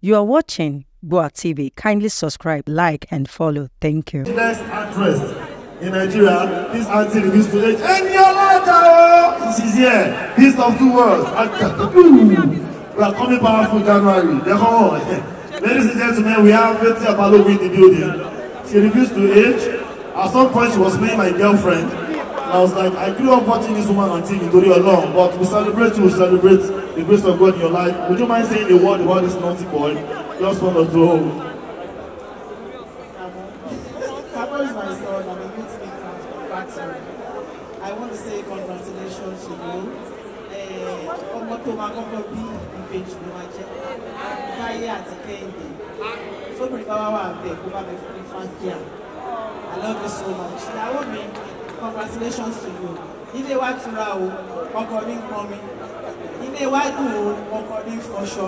You are watching Boa TV. Kindly subscribe, like, and follow. Thank you. Next actress in Nigeria, this auntie refused to age. Any Eniola She's here. Peace of two worlds. We are coming powerful January. Therefore, ladies and gentlemen, we have Betty Abalo in the building. She refused to age. At some point, she was playing my girlfriend. I was like, I grew up watching this woman on TV, Tori Olorun, but we celebrate you, we celebrate the grace of God in your life. Would you mind saying a word about this naughty boy? Just one or two. Kabo is my son, I'm a meat maker. I want to say congratulations to you. Eh, ọmọ tó máa kọ́kọ́ bí ìbejì ló máa jẹ́. Káyé àti Kẹ́hìndé. Tóbìnrin bá wà wà bẹ̀ kó bá mi fún mi fáńkì I love you so much. Ìyàwó mi congratulations to you ilé wa tura o ọkọ mi ń pọn mi ilé wa dùn o ọkọ mi fọṣọ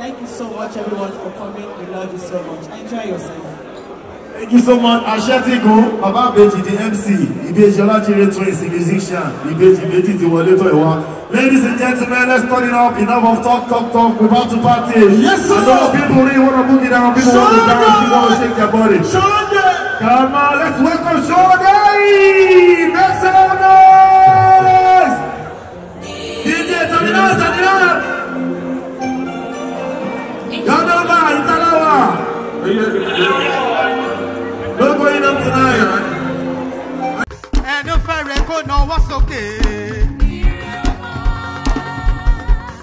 thank you so much everyone for coming we love you so much enjoy yourself. Thank you so much. Asetigun, Baba Beji, the MC, Ibeji Olajire Twins, the musician, Ibeji Beji, the one, Wale Toiwa. Ladies and gentlemen, let's turn it up. Enough of talk, talk, talk. We're about to party. Yes, sir. I know people really want to book it down. People want to dance. People want to shake their body. Come on, let's wake Tarawa, in Tarawa. Nobody knows tonight. Ẹnu fẹ́rẹ̀ kó náwó sókè.